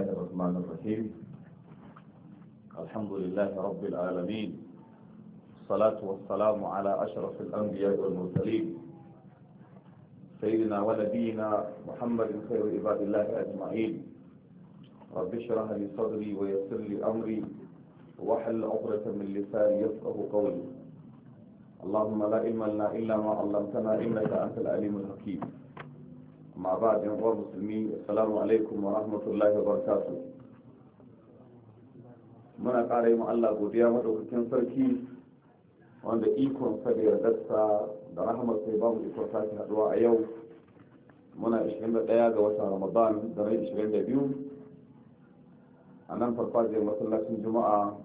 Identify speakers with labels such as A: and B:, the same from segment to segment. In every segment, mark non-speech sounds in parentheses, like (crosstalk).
A: الله الرحمن الرحيم الحمد لله رب العالمين الصلاة والسلام على أشرف الأنبياء والمرسلين سيدنا ونبينا محمد خير عباد الله أجمعين رب اشرح لي صدري ويسر لي أمري وحل عقدة من لساني يفقه قولي اللهم لا علم لنا إلا ما علمتنا إنك أنت العليم الحكيم amma ba a uwa musulmi assalamu alaikum wa rahmatullahi wa barakatu muna ƙara yi Allah godiya maɗaukakin sarki wanda ikon sa da yardarsa da rahamar sai ba mu ikon sake haɗuwa a yau muna 21 ga watan ramadan da rai 22 a nan farfajiyar masallacin juma'a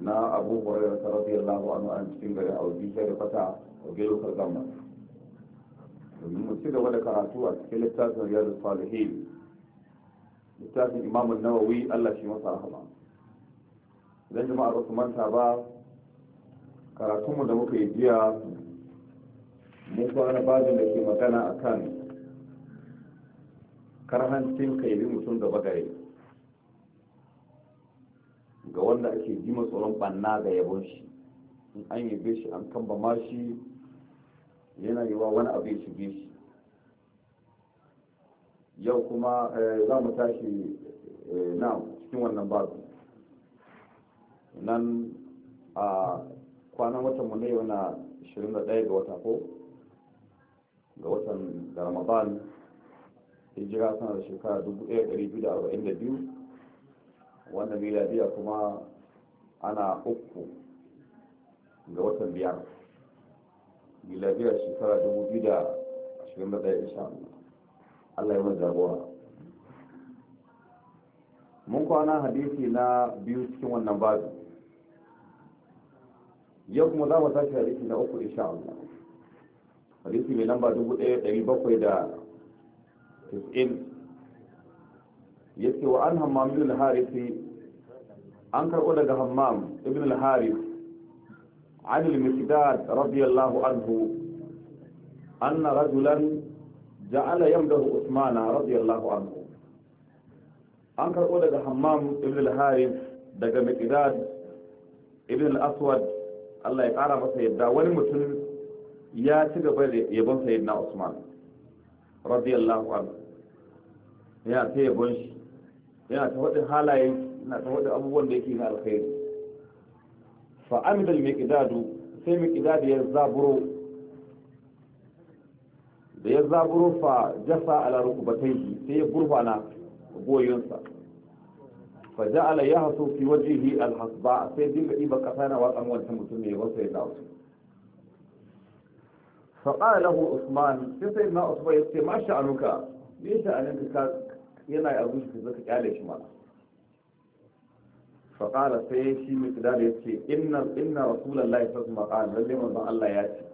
A: na abu hurairar radiyallahu anhu a cikin garin audi da fata a gelokar gama domin mu ci gaba da karatu a cikin littafin riyadu salihin littafin imamun nawawi allah shi masa rahama idan jama'a ba su manta ba karatunmu da muka yi jiya mun kwana bajin da ke magana a kan karhancin kaibi mutum gaba gare ga wanda ake ji tsoron banna ga yabon shi in an yi shi an kamba mashi. shi yana yi wa wani abin ya shige shi yau kuma eh, za mu tashi eh, na cikin wannan babu nan a kwanan watan mu ne yau na 21 ga wata ko ga watan da ramadan hijira sana da shekara 1242 wanda miladiya kuma ana uku ga watan biyar miladiyar shekara 2021 insha Allah ya mazagora mun kwana hadisi na biyu cikin wannan babu yau kuma za mu tashi hadisi na uku insha Allah hadisi mai lamba 1790 yace wa an hammam ibn al-harith an karɓo daga hammam ibn al-harith عن المقداد رضي الله عنه أن رجلا جعل يمده عثمان رضي الله عنه أنكر أولى حمام ابن الحارث دقى مقداد ابن الأسود الله يقارى فسيدا ولمتن يا تقبل يبن سيدنا عثمان رضي الله عنه يا تيبنش yana ta waɗin halayen yana ta waɗin abubuwan da yake na alkhairi fa amidal miqdadu sai miqdadu ya zaburo da ya zaburo fa jasa ala yi sai ya gurbana goyonsa fa ja'ala yahsu fi wajhihi alhasba sai dinga iba kasana wa kan wancan mutum ne wasa ya dawo fa qala lahu usman sai sai na usman yace ma sha'anuka me sha'aninka yana yanzu shi zaka kyale shi mana faƙala sai shi mai da ya ce inna inna rasulullahi sallallahu alaihi lalle manzon Allah ya ce ya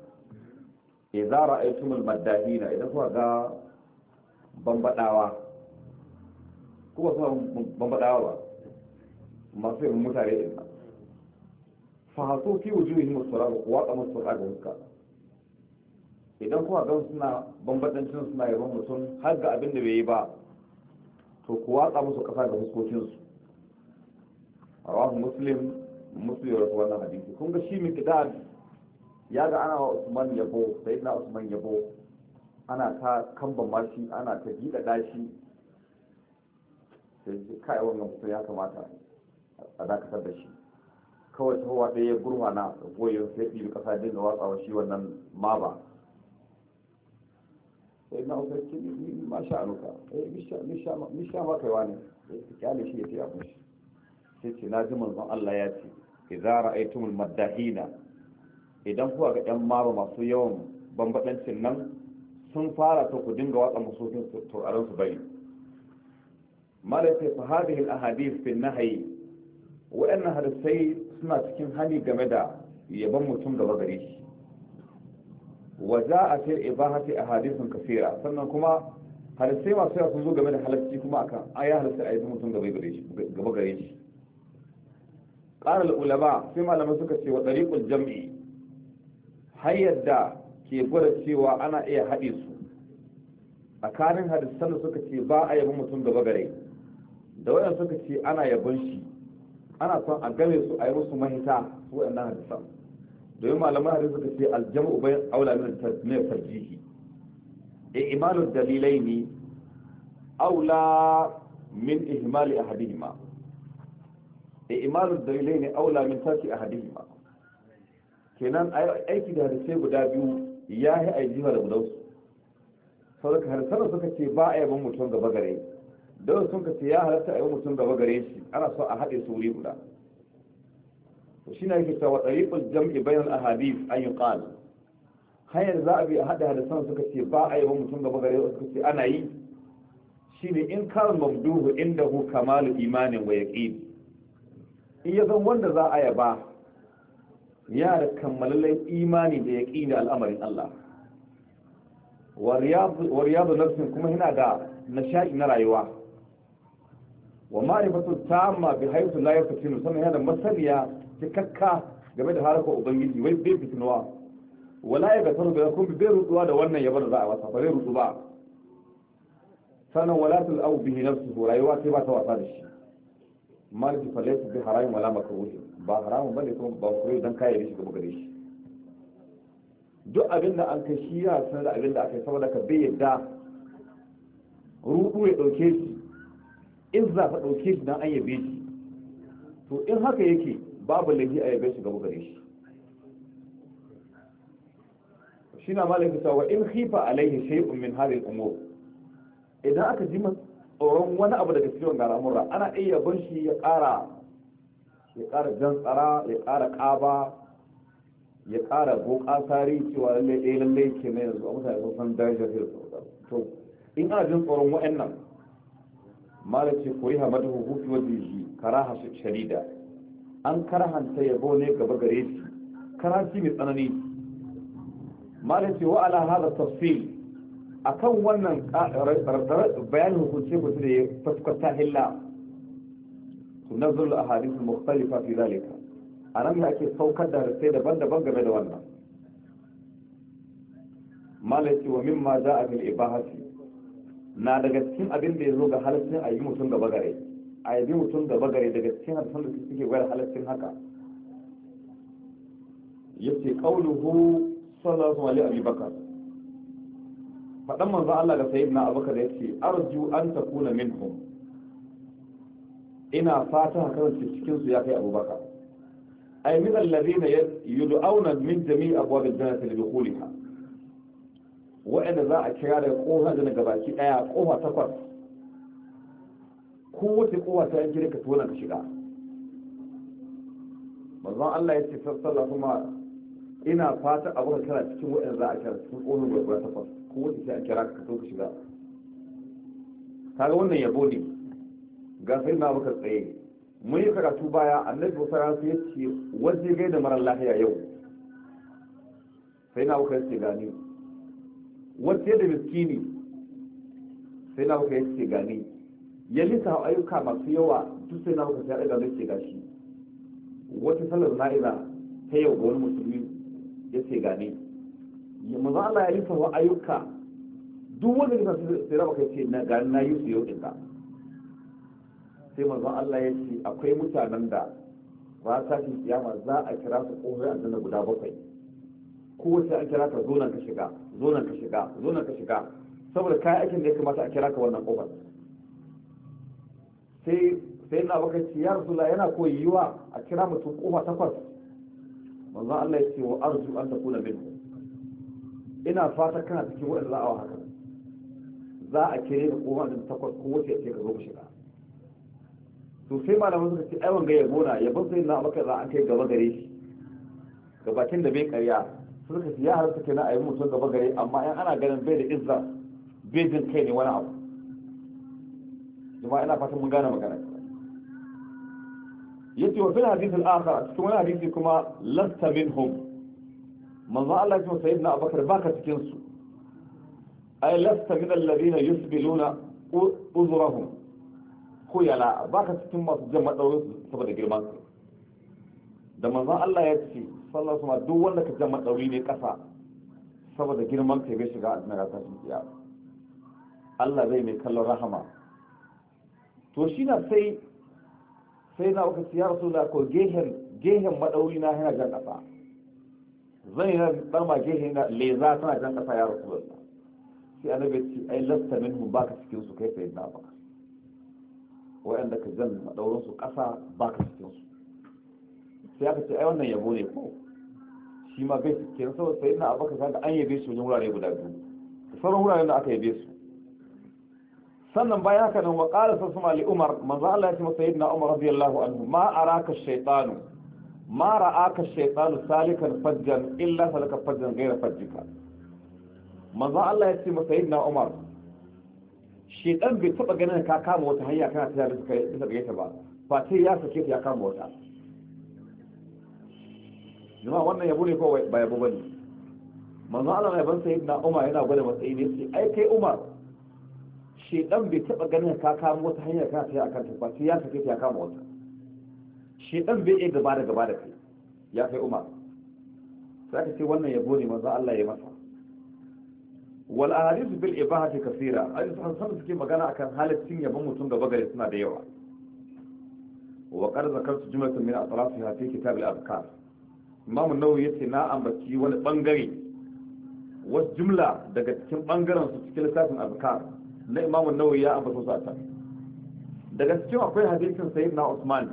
A: a idza ra'aytumul maddahina idan kuka ga bambadawa kuma ba su bambadawa ba masu yin mutane din nan fa hasu fi wujuhihim wasara ko waqa musara ga huska idan kuka ga suna bambadancin suna yaban mutum har ga abin da bai yi ba to ku watsa musu kasa ga huskokinsu rawahu muslim musu ya rasu wannan hadisi kun ga shi miqdad ya ga ana wa usman yabo na usman yabo ana ta kamban mashi ana ta gida dashi sai kai wannan mutum ya kamata a dakatar da shi kawai ta hawa ɗaya gurma na goyon sai ɗibi ƙasa da watsawa shi wannan ma ba sai na ofar ce ni ma sha'anuka eh misha ma kaiwa ne ya kyale shi ya ce abin shi sai ce na ji manzon Allah ya ce idza ra'aytumul maddahina idan kuka ga yan maba masu yawan bambadancin nan sun fara ta ku dinga watsa musulun turaren su bane malaita fa hadhihi al ahadith fi nahyi wa'annan hadisai suna cikin hali game da yaban mutum gaba gare shi wa za'a fi ibahati ahadithun kaseera sannan kuma hadisai masu yawa sun zo game da halarci kuma akan aya halarci a yi mutum gaba gare shi ƙara ulama sai malamai suka ce wa ɗariƙul jam'i har yadda ke gwada cewa ana iya haɗe su tsakanin hadisan da suka ce ba a yabi mutum gaba gare da waɗanda suka ce ana yabon shi ana son a game su a yi musu mahita su waɗannan hadisan domin malamai hadis suka ce aljamu bayan aula min tarjihi imanin dalilai ne aula min ihmali ahadihima da imanin dalilai ne aula min tashi a hadisi ma kenan aiki da hadisai guda biyu ya yi jiwa da gudansu saboda harsarar suka ce ba a yaban mutum gaba gare don sun ka ce ya halatta a yi mutum gaba gare shi ana so a haɗe su wuri guda to shi na yake wa tsariƙul jam'i bayan ahadis an yi ƙal hanyar za a bi a haɗe hadisan suka ce ba a yaban mutum gaba gare suka ce ana yi shine in kan mamduhu inda hu kamalu imanin wa yaqin in ya zan wanda za a yaba ya da kammalallen imani da ya ƙi da al'amarin Allah wa riyadu nafsin kuma yana da nasha'i na rayuwa wa ma'rifatu tamma bi haythu la yaftinu sannan yana da masaniya cikakka game da harkar ubangiji wai bai fitinuwa wala ya gasar da kuma bai rutsuwa da wannan yabar da za a wasa ba bai rutsu ba sannan wala tal'au bihi rayuwa sai ba ta wasa da shi marji fa laysa bi haramun wala makruh ba haramun bane kuma ba makruh dan kai rishi gaba gare shi duk abin da an kai shi ya san da abin da aka yi saboda ka bai yadda rudu ya dauke shi in za ka dauke shi dan an yabe shi to in haka yake babu laifi a yabe shi gaba gare shi shi na sa sawa in khifa alaihi shay'un min hadhihi al-umur idan aka ji tsoron wani abu daga cikin al'amura ana iya bin shi ya ƙara ya ƙara jan tsara ya ƙara ƙaba ya ƙara boka tari cewa lallai ɗaya eh, lallai ke mai yanzu a mutane sun san darajar da to in ana jin tsoron wa'annan malam ce koyi hamadu hufi wa jiji karaha sharida an karahanta yabo ne gaba gare shi karanci mai tsanani malam ce wa ala hada tafsir akan wannan bayanin hukunce ku da ya fuskanta hilla tunazul ahadith mukhtalifa fi zalika anan ne ake saukar da sai daban-daban game da wannan malaki wa mimma za'a bil ibahati na daga cikin abin da ya zo ga halaccin a yi mutum gaba gare a yi mutum gaba gare daga cikin hadisan da suke gwada halaccin haka Ya yace qauluhu sallallahu alaihi wa sallam faɗan manzo Allah ga sayyidina Abubakar yace arju an takuna minhum ina fata ka kasance cikin su ya kai Abubakar ay min alladhina yud'auna min jami'i abwab al-jannati li dukhuliha wa'anda za a kira daga kofar da gabaki daya kofa takwas ko wace kofa ta yanke ka tona ka shiga manzon Allah ya ce sallallahu alaihi kuma ina fata Abubakar kana cikin wa'anda za a kira cikin kofar da gabaki takwas ko wata sai a kira ka so ka shiga kaga wannan yabo ne ga sai na baka tsaye mun yi karatu baya annabi wasu ran ya ce waje gai da marar lafiya yau sai na baka yace gani wace da miskini sai na baka yace gani ya lissa ayyuka masu yawa duk sai na baka sai ya ɗaga ce gashi wata na na'iza ta yau ga wani musulmi ya ce gani ya maza Allah ya lissa ayyuka duk wanda kisa sai raba kai ce na ga na yi su yau din ka sai mazan Allah ya ce akwai mutanen da ba ta shi kiyama za a kira su kofar aljanna guda bakwai wace an kira ka zonan ka shiga zonan ka shiga zonan ka shiga saboda kayan aikin da ya kamata a kira ka wannan ƙofar. sai sai na baka ce ya rasu yana koyi yiwa a kira mutum ƙofa takwas manzon Allah ya ce wa arzu an takuna bin ina fata kana cikin waɗanda za a haka za a kere da kowa da takwas ko wace ce ka zo ku shiga to sai da suka ce wanga gaya gona ya bar sai na maka za a kai gaba gare shi gabatin da bai karya suka ce ya suke na a yi mutum gaba gare amma in ana ganin bai da izza bai jin kai ne wani abu jama'a ina fatan mun gane magana yace wa fil hadith al-akhar cikin wani hadisi kuma lasta minhum manzo Allah ya ce sayyidina Abubakar baka cikin su ai lasta min alladhina yusbiluna uzurahum khuyala baka cikin masu jama daurin su saboda girman su da manzon Allah ya ce sallallahu alaihi wasallam duk wanda ka jama dauri ne kasa saboda girman ka bai shiga aljanna ta tsiya Allah zai mai kallon rahama to shi na sai sai na uka ya rasulullah ko gehen gehen madauri na yana jan kasa zan yi na dan gehen da leza tana jan kasa ya rasulullah sai annabi ce ai lasta minhum baka cikin su kai sayyidina abubakar wa'anda ka jan madaurin su kasa baka cikin su sai aka ce ai wannan yabo ne ko shi ma bai cikin sau sayyidina abubakar ga an yabe shi ne wurare guda biyu da sauran wurare da aka yabe su sannan bayan haka nan wa qala sasma li umar manzo Allah ya ce sayyidina umar radiyallahu anhu ma araka shaytanu ma ra'aka shaytanu salikan fajjan illa salaka fajjan ghayra fajjika manzo Allah ya ce masa yin na Umar shedan bai taba ganin ka kama wata hanya kana tsaya da kai da gaita ba fa sai ya sake ya kama wata jama'a wannan yabo ne ko ba yabo bane manzo Allah ya ban sayyidina Umar yana gwada matsayi ne sai ai kai Umar shedan bai taba ganin ka kama wata hanya kana tsaya akan ta ba sai ya sake ya kama wata shedan bai iya gaba da gaba da kai ya kai Umar sai ka ce wannan yabo ne manzo Allah ya masa wal ahadith bil ibahati kaseera sun san suke magana akan halaccin yabon mutum gaba gare suna da yawa wa qad zakartu jumlatan min atrafiha fi kitab al azkar imam an-nawawi yace na ambaci wani bangare wasu jumla daga cikin bangaren su cikin lissafin azkar na imam an-nawawi ya ambata su a can daga cikin akwai hadisin sayyidina usman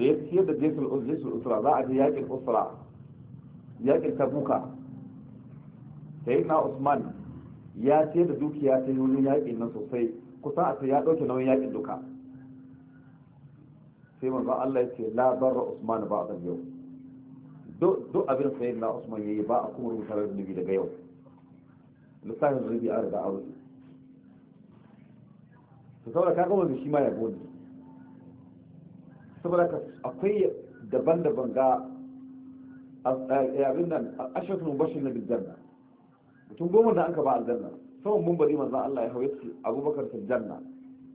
A: da ya siyar da jesul usra za a je yakin usra yakin tabuka sayyidina usman ya ce da dukiya ta yi yaƙin nan sosai kusan a sai ya ɗauke nauyin yaƙin duka sai manzon Allah ya ce la barra usman ba a yau duk abin sayyidina usman ya yi ba a kuma rubuta rubi daga yau lissafin rubi a riga a rubuta to saboda ka gama shi ma ya gode saboda ka akwai daban-daban ga eh, abin nan ashirin bashin na bidan mutum goma da an ba aljanna saman mun maza Allah ya hau yace Abubakar sajjanna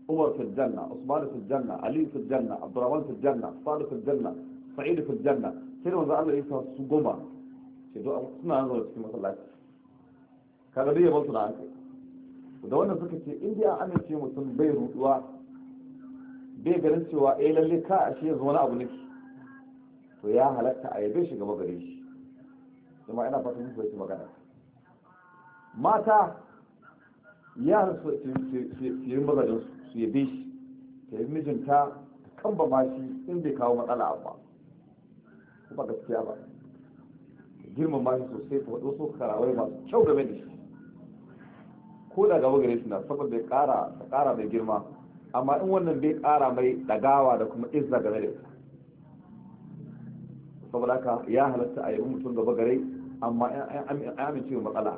A: Umar sajjanna Usman sajjanna Ali sajjanna Abdurrahman sajjanna Sa'id sajjanna Sa'id sajjanna sai da maza Allah ya sa su goma sai do suna nan da cikin masallaci kaga dai yaban su da an da wannan suka ce in dai an amince mutum bai ruduwa bai ganin cewa eh lalle ka ashe yanzu wani abu nake to ya halatta a yabe shi gaba gare shi kuma ina fatan muku shi magana mata ya su yi mazajen su yabe shi ta yi mijinta kan ba ma shi in bai kawo matsala ba kuma gaskiya ba girma ma shi sosai ta waɗansu karawai masu kyau game da shi ko da gaba gare shi na saboda ta kara mai girma amma in wannan bai kara mai dagawa da kuma izza game da saboda haka ya halatta a yi mutum gaba gare amma ya amince matsala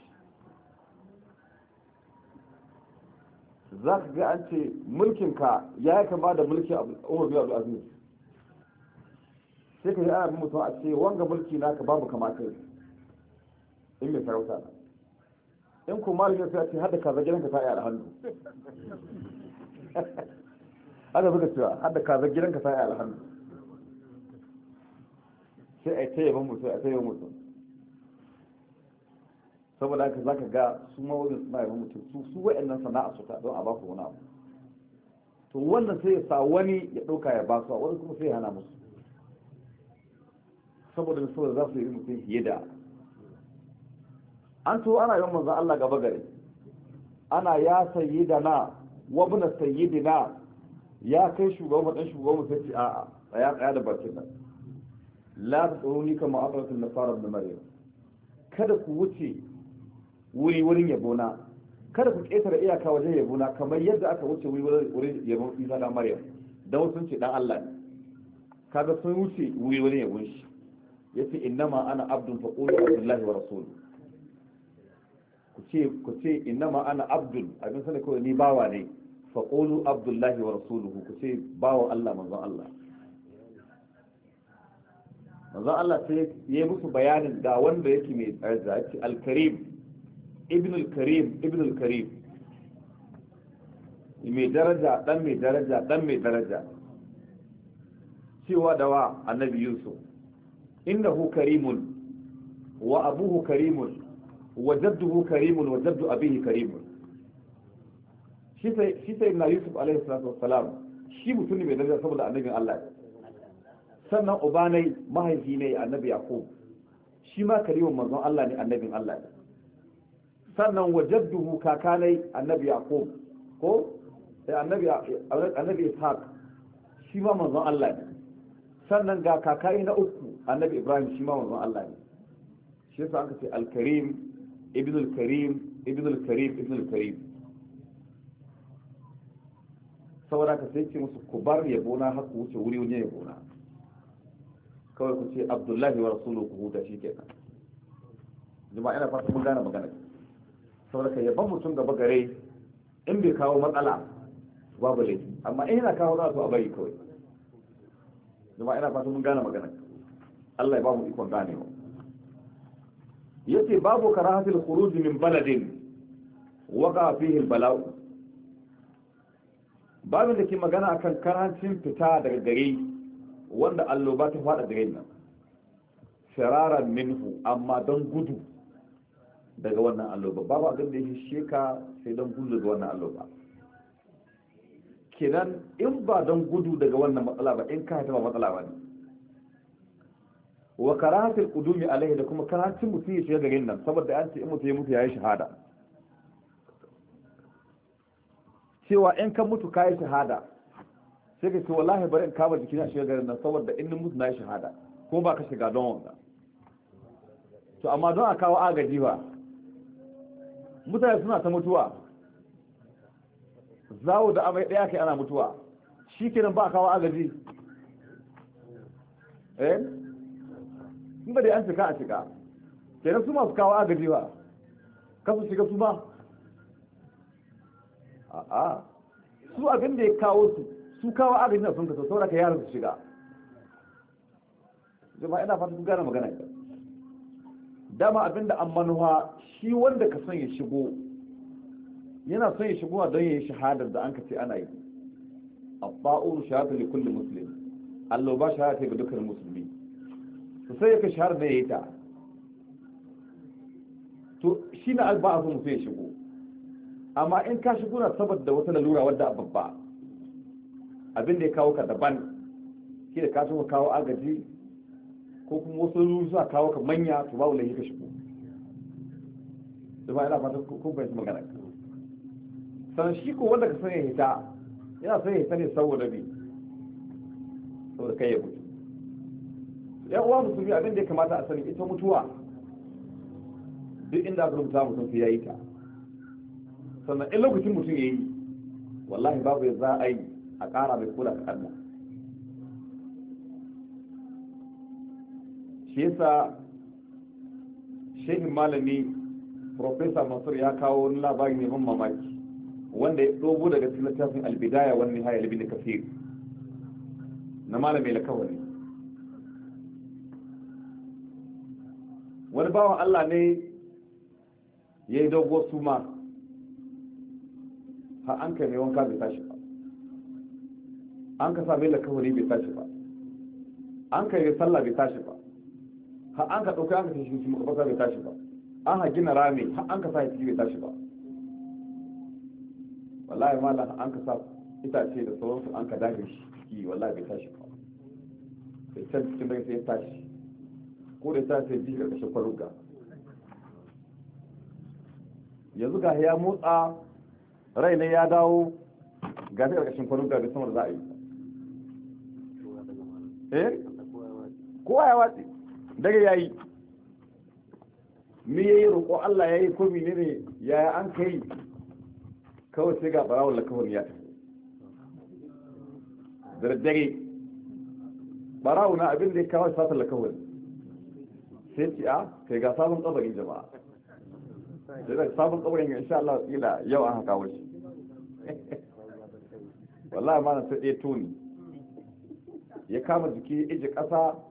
A: za ka ga an ce mulkinka ya yi kama da mulki umar biyu abu azumi sai ka yi ana mutum a ce wanga mulki na ka babu kamata kai in mai sarauta na in ko malamin sai a ce hada kaza gidanka ta yi hannu (laughs) haka suka cewa hada kaza gidanka ta yi hannu sai a yi ta yaban mutum a ta yaban mutum saboda haka za ka ga su ma suna yi mutum su su nan sana'a su ta don a ba ku wani abu to wannan sai ya sa wani ya ɗauka ya ba su a wani kuma sai ya hana musu saboda saboda za su yi mutum fiye da an to ana yawan manzan Allah gaba gare ana ya sayi da na wabna sayi da na ya kai shugaban ɗan shugaban sai ce a'a tsaya tsaya da bakin nan la ta tsoro ni kama na fara da maryam kada ku wuce wuri wurin yabona kada ku ƙetare iyaka wajen yabona kamar yadda aka wuce wuri wurin yabon isa da maryam don sun ce dan allah ne kaga sun wuce wuri wurin yabon shi yace innama ana abdun faƙoli qulu abdullahi wa rasuluhu ku ce ku ce innama ana abdun abin sanin kawai ni bawa ne faƙoli qulu abdullahi wa rasuluhu ku ce bawa allah manzon allah manzon Allah sai ya musu bayanin ga wanda yake mai ya ce alkarim ibn al-karim ibn al-karim mai daraja dan mai daraja dan mai daraja cewa dawa annabi yusuf innahu karimun wa abuhu karimun wa jadduhu karimun wa jaddu abihi karimun shi sai shi sai na yusuf alaihi salatu wassalam shi mutum mai daraja saboda annabin Allah sannan ubanai mahaifi ne annabi yaqub shi ma karimin manzon Allah ne annabin Allah ne sannan wajadduhu kakanai annabi yaqub ko eh, annabi annabi ishaq shi ma manzon Allah ne sannan ga kakai na uku annabi ibrahim shi ma manzon Allah ne shi yasa aka ce al-karim ibn al-karim ibn al-karim ibn al-karim saboda ka sai ce musu ku bar yabo na haku wuce wuri wani yabo na kawai ku ce abdullahi wa rasuluhu da shi kenan jama'a ina fata mun gane magana saboda ka ban mutum gaba gare in bai kawo matsala babu laifi amma in yana kawo za a bari kawai zama ina fatan mun gane magana Allah ya ba mu ikon ganewa yace babu karahatul khuruj min baladin waqa fihi al-bala'u babin da ke magana akan karancin fita daga gari wanda alloba ta fada gare nan shararan minhu amma don gudu daga wannan alloba babu abin da yake sheka sai don gudu daga wannan alloba kenan in ba don gudu daga wannan matsala ba in ka ta ba matsala ba ne wa kudumi a alaihi da kuma karatun mutum ya shiga garin nan saboda an ce in mutum ya mutu yi shahada cewa in ka mutu ka yi shahada sai ka ce wallahi bari in kama jikina shiga garin nan saboda in mutu na yi shahada ko ba ka shiga don wanda to amma don a kawo agaji ba mutane suna ta mutuwa zawo da amai daya kai ana mutuwa shi kenan ba kawo agaji eh in ba dai an cika a cika kenan su masu kawo agaji ba kasu shiga su ba a'a su abin da ya kawo su su kawo agaji na sun kasa saboda ka yaran su shiga jama'a ina fata sun gane magana ya dama abinda an manuwa shi wanda ka son ya shigo yana son ya shigo don ya yi shahadar da an ka ce ana yi abba'ur shahadar da kullum musulmi allah ba shahadar ga dukkan musulmi su sai ya ka shahadar da ya yi ta to shi na alba'a a son ya shigo amma in ka shigo na saboda wata lalura wadda a babba abin da ya kawo ka daban shi da ka shigo kawo agaji ko kuma wasu suna kawo ka manya to babu laifi ka shigo da ba yana fata ko bai magana sannan shi ko wanda ka sanya hita yana sanya hita ne saboda bi saboda kai ya mutu yan uwa musulmi abin da ya kamata a sani ita mutuwa duk inda aka rubuta mutum sai ya yi ta sannan in lokacin mutum ya yi wallahi babu ya za a yi a ƙara mai kula ka Allah shi yasa shehin malami profesa masur ya kawo wani labari ne ban mamaki wanda ya dogo daga cikin littafin albidaya wani nihaya libin kafir na malami lakawari wani bawan allah ne ya yi dogo ma ha an kai mai wanka bai tashi ba an ka sa mai lakawari bai tashi ba an kai mai sallah bai tashi ba har an ka ɗauka an ka tashi shi ba bai tashi ba an ha gina rami har an ka sa shi bai tashi ba wallahi mallan an ka sa itace da sauransu an ka dage shi ciki wallahi bai tashi ba sai can cikin daga sai ya tashi ko da ta sai ji ƙarƙashin kwaruga yanzu ga ya motsa rai ne ya dawo ga ta ƙarƙashin kwaruga bai samar za a yi eh ko ya watsi dare yayi me yayi roƙo Allah yayi ko ya yaya an kai kawai sai ga barawon lakawun ya da dare Barawu na abin da ya kawo sata lakawun sai ce a ah, kai ga sabon tsabarin jama'a da sabon tsabarin ya insha Allah tsila yau an haka wasu wallahi ma na sai ɗaya tuni ya kama jiki ya ƙasa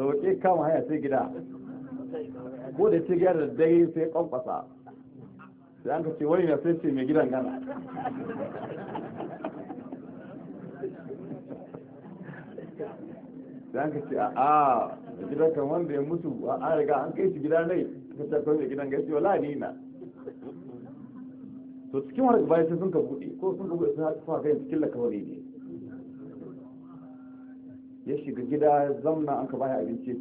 A: sauke kama haya sai gida ko da ce gida da dare sai kwamfasa sai an ka ce wani na sai ce mai gidan gana sai an ka ce a da gidan kan wanda ya mutu a riga an kai shi gida ne ka ce kawai gidan gaisuwa wala ni na to cikin wani bayan sun ka buɗe ko sun ka buɗe sun haka cikin lakawari ne ya shiga gida zamna an ka baya abinci ci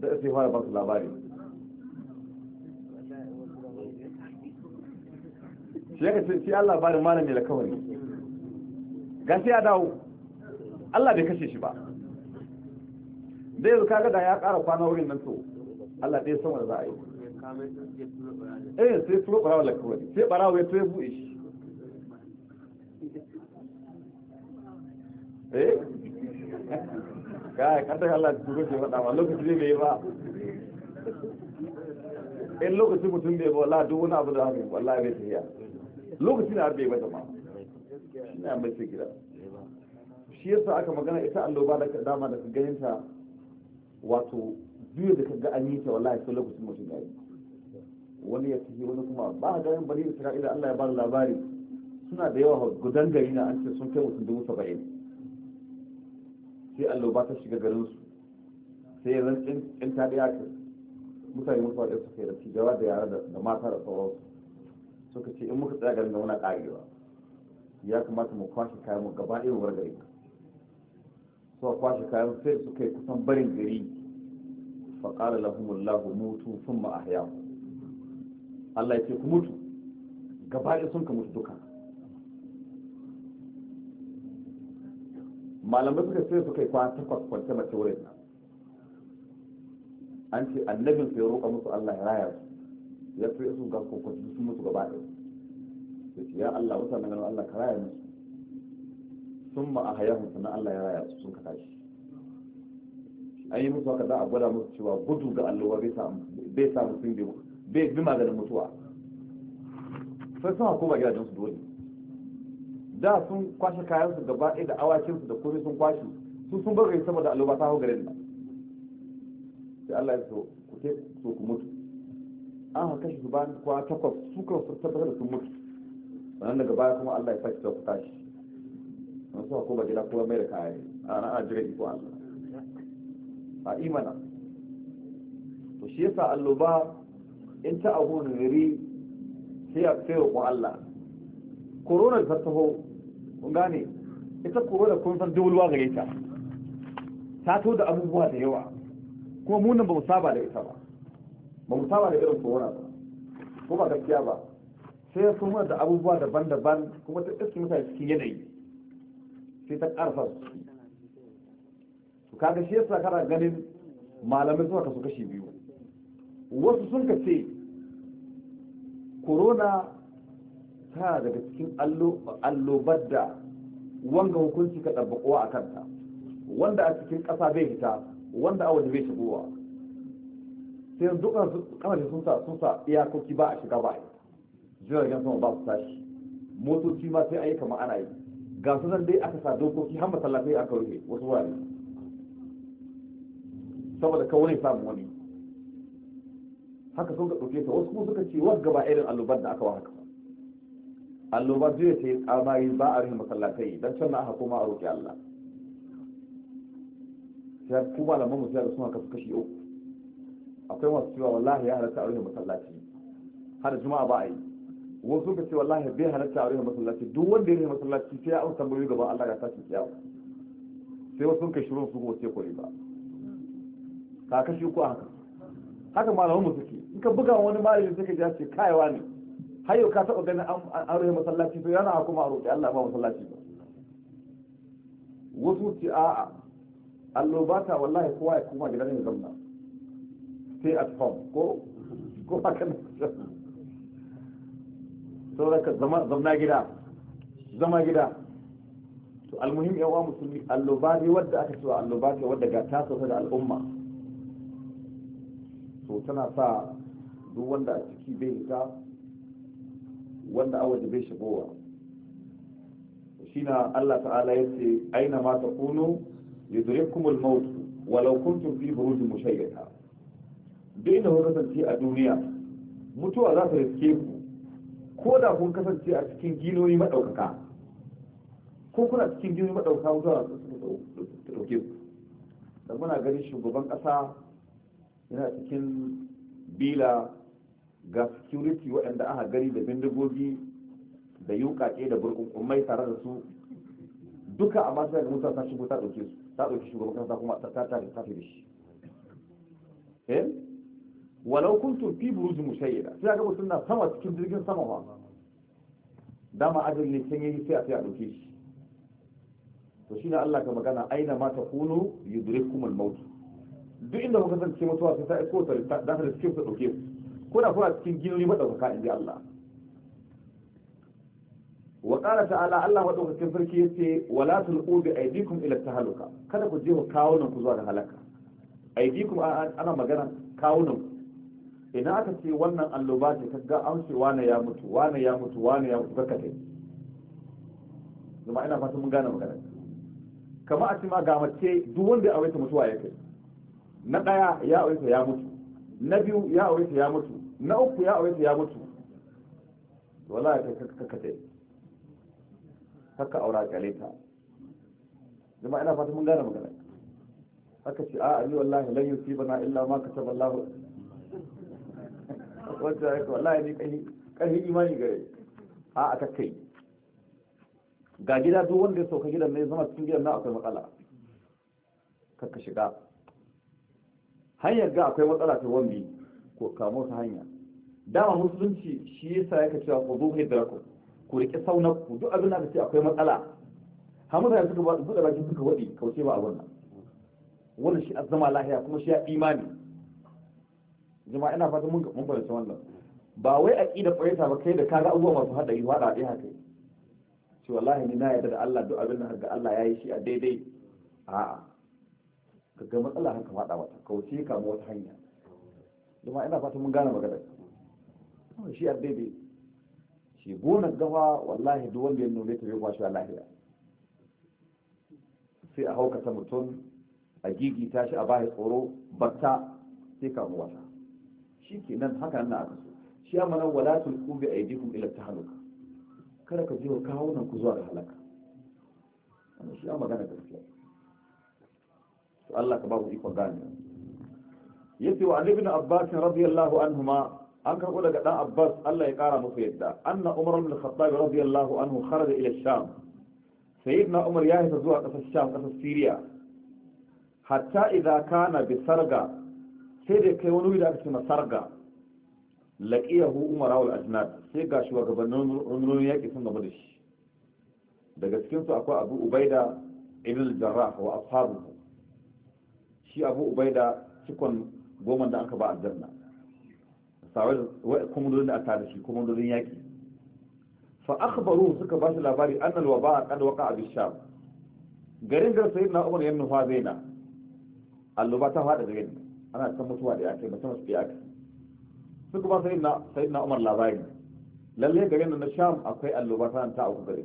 A: da sai fara ba su labari shi ya kace shi Allah labarin malam mai lakawari ga sai ya dawo Allah bai kashe shi ba dai yanzu kaga da ya ƙara kwana wurin nan to Allah dai sama da za a yi eh sai turo ɓarawa lakawari sai barawa ya to ya buɗe shi eh kai kada Allah ya tuko ke faɗa ba lokaci ne ba in lokaci mutum bai ba wallahi duk wani abu da haka wallahi bai tafiya lokaci na arbe bai zama ina mai ce gida shi yasa aka magana ita alloba da dama da ka ganin ta wato biyu da ka ga an yi ta wallahi sai lokacin mutum ya yi wani ya tafi wani kuma ba a ganin bari isra'ila Allah ya ba labari suna da yawa gudan gari na an ce sun kai mutum dubu saba'in sai alloba ta shiga garin su sai ya zan in ta daya ka mutane mutuwa ɗaya suka yi da tijawa da yara da mata da sauransu suka ce in muka tsaya garin da muna ƙarewa ya kamata mu kwashe kayan mu gaba ɗaya war gari a kwashe kayan sai suka yi kusan barin gari faƙalar lahumullahu mutu sun ma'ahiyahu Allah ya ce ku mutu gaba ɗaya sun ka mutu duka malamai suka ce suka yi kwana takwas kwance mace wurin nan an ce annabin sai roƙa musu Allah ya raya su ya fi su ga kwanci sun mutu gaba ɗaya ya ce ya Allah na ganin Allah ka raya musu sun ma a hayahu sannan Allah ya raya su sun ka tashi an yi musu haka za a gwada musu cewa gudu ga allowa bai sa musu bai bi maganin mutuwa sai sun hako ba su dole da sun kwashe kayan su gaba ɗaya da awakin su da komai sun kwashe su sun bar gari saboda alloba ta hau garin nan sai Allah ya so ku ce so ku mutu an ha kashi su bayan kwa takwas su kan su tabbatar da sun mutu sannan daga baya kuma Allah ya fashe ku tashi don su hako ba gida kuma mai da kayan a ranar jiran ko Allah a imana to shi yasa alloba in ta abu gari sai a tsaye wa Allah korona ta taho kun gane ita da kun san dawulwa gare ta ta to da abubuwa da yawa kuma munin ba mu saba da ita ba ba mu saba da irin corona ba ko ba gaskiya ba sai ya kuma da abubuwa daban-daban kuma ta iske mutane cikin yanayi sai ta karfa su kaga shi yasa kana ganin malamai suna kasu kashi biyu wasu sun ka ce corona ta daga cikin allobar da wanga hukunci ka ɗabbaƙuwa a kanta wanda a cikin ƙasa bai fita wanda a waje bai shigowa sai dukkan kamar sun sa sun sa iyakoki ba a shiga ba jiragen sama ba su tashi motoci ma sai a yi kama ana yi ga su nan dai aka sa dokoki har masallatai aka rufe wasu wurare saboda wani samun wani haka sun ka ɗauke ta wasu kuma suka ce wasu gaba irin allobar da aka wa haka alloba zai ta yi tsamari ba a rihin masallatai don can na aka koma a roƙe Allah sai ku malaman musulmi da suna kasu kashi uku akwai masu cewa wallahi ya halatta a rihin masallaci har juma'a ba a yi wasu ka ce wallahi bai halatta a rihin masallaci duk wanda ya rihin masallaci sai ya amsa mai gaba Allah ya tashi kiyawa sai wasu ka shirin su ko sai kuri ba ka kashi uku haka haka malamu mu suke in ka buga wani malami sai ka ji ce kayawa ne har yau ka taɓa ganin an aure masallaci to yana kuma a roƙi Allah ba masallaci ba wasu ce a'a ta wallahi kowa ya kuma gidan yin zamna stay at home ko ko haka so da ka zamna gida zama gida to almuhim ya wa musulmi alloba ne wadda aka cewa alloba ce wadda ga ta sauka da al'umma to tana sa duk wanda a ciki bai ta wanda a da bai shigowa shi na Allah ta'ala ya ce aina ma ta kuno kuma mautu walau kuntum fi burujin mushayyata duk inda kun kasance a duniya mutuwa za ta riske ku ko da kun kasance a cikin ginoyi maɗaukaka ko kuna cikin ginoyi maɗaukaka mutuwa za ta ɗauke ku da muna ganin shugaban ƙasa yana cikin bila ga security waɗanda aka gari da bindigogi da yukaƙe da burkunkumai tare da su duka a masu da mutane ta shigo ta ɗauke su ta ɗauki shugaban kasa kuma ta tafi ta fi da shi eh walau kuntum fi buruji mushayyida sai ga mutum na sama cikin jirgin sama ba dama ajali ne sun yi sai a sai a ɗauke shi to shi ne Allah ka magana aina ma ta kunu yudrikum al-maut duk inda kuka san cikin mutuwa sai ta iko ta da ta cikin ta ɗauke su kuna kuna cikin ginoni madaukaka in ji Allah wa qala ta'ala Allah madaukakin sarki yace wala tulqu bi aydikum ila haluka kada ku je ku kawo nan ku zuwa ga halaka aydikum ana magana kawo nan ina aka ce wannan alluba ce kaga an ce wane ya mutu wane ya mutu wani ya mutu kaka kai zama ina fatan mun gane magana kama a ce ma ga mace duk wanda ya aure ta mutuwa ya kai na daya ya aure ta ya mutu na biyu ya aure ta ya mutu na uku ya aure ya mutu wala ya ka kaka dai haka aura kale ta Zama ina fata mun gane magana haka ce a ali wallahi lan yusibana illa ma kataba Allah wata ai wallahi ni kai kai imani gare a aka kai ga gida duk wanda ya sauka gidan ne zama cikin gidan na akwai matsala kakka shiga hanyar ga akwai matsala ta wambi ko kamo ta hanya dama musulunci shi yasa ya cewa ku zuwa hidraku ku riƙe saunar ku duk abin da ce akwai matsala Hamza ya suka buɗe bakin suka waɗi kauce ba a wannan wannan shi azama lahiya kuma shi ya imani jama'a ina fatan mun mun fahimci wannan ba wai aqida fahimta ba kai da kaga abubuwa masu haɗari ba da haka. kai ce wallahi ni na yarda da Allah duk abin da ga Allah yayi shi a daidai a'a ga matsala haka fada wata kauce ka wata hanya kuma ina fata mun gane magana shi a daidai shi gonar gawa wallahi duk wanda ya nome ta bai kwashi wallahi ya sai a haukata mutum a gigita shi a bahi tsoro batta sai kamu wata shi ke nan haka na aka so shi ya mana wala tulku bi aidikum ta tahaluka kada ka jiwa kawo nan ku zuwa ga halaka wannan shi ya magana gaskiya to Allah ka ba ku ikon gane yace wa Ali ibn Abbas radiyallahu anhuma an karbo daga dan Abbas Allah ya kara musu yadda anna Umar ibn Khattab radiyallahu anhu kharaja ila Sham sayyidina Umar ya hita zuwa kasar Sham kasar Syria hatta idza kana bi sarga sai da kai wani da aka sarga laqiyahu Umar wal ajnad sai ga shugabannin rundunonin yaki sun gaba da shi daga cikin su akwai Abu Ubaida ibn al-Jarrah wa ashabuhu shi Abu Ubaida cikon Goman da aka ba a janna komodolin da a tare shi komodolin yaki fa akhbaru suka ba shi labari annal waba qad waqa bi sham garin da sayyid na umar yannu fa zaina alluba ta fada garin ana san mutuwa da yake mutum su yake suka ba sayyid na sayyid na umar labari lalle garin na sham akwai alluba ta ta auku gare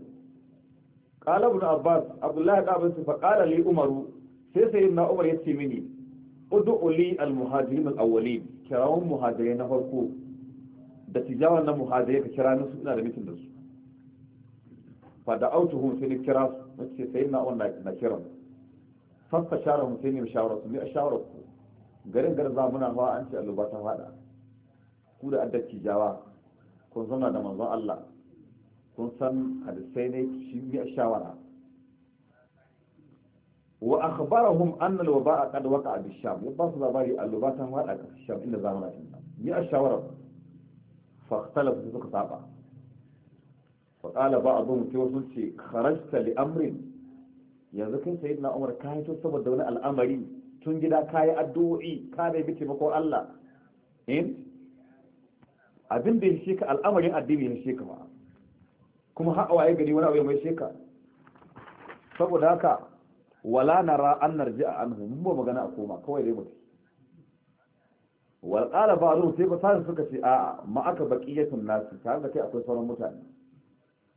A: qala ibn abbas abdullah ibn abbas fa qala li umar sai sayyid na umar yace mini udu'u li al-muhajirin al-awwalin kirawun muhajirai na farko da tijawan na muhajirai ka kira nasu ina da mitin da su fa da autuhum sai kira su nace sai na wannan na kiran fafa shara mu sai ni shawara su ni a shawara ku garin garza muna hawa an ce alluba ta fada ku da addar tijawa kun zama da manzon Allah kun san hadisai ne shi ni a shawara wa akhbarahum anna al-waba'a qad waqa'a bi-sham ya ba su labari al-waba ta wada ka sham inda zamana inda ya ashawara fa ikhtalafu suka saba fa qala ba'dhum sai wasu ce kharajta li amrin yanzu kai sayyidina umar ka hito saboda wani al'amari tun gida kayi addu'o'i ka da bi ko Allah in abin da ya sheka al'amarin addini ya sheka ma kuma har a gari wani abu ya mai sheka saboda haka wala nara an narji'a anhu mun ba magana a koma kawai dai mutum wal qala ba'dhum sai ba sai suka ce a'a ma aka baqiyatun nas tare da kai akwai sauran mutane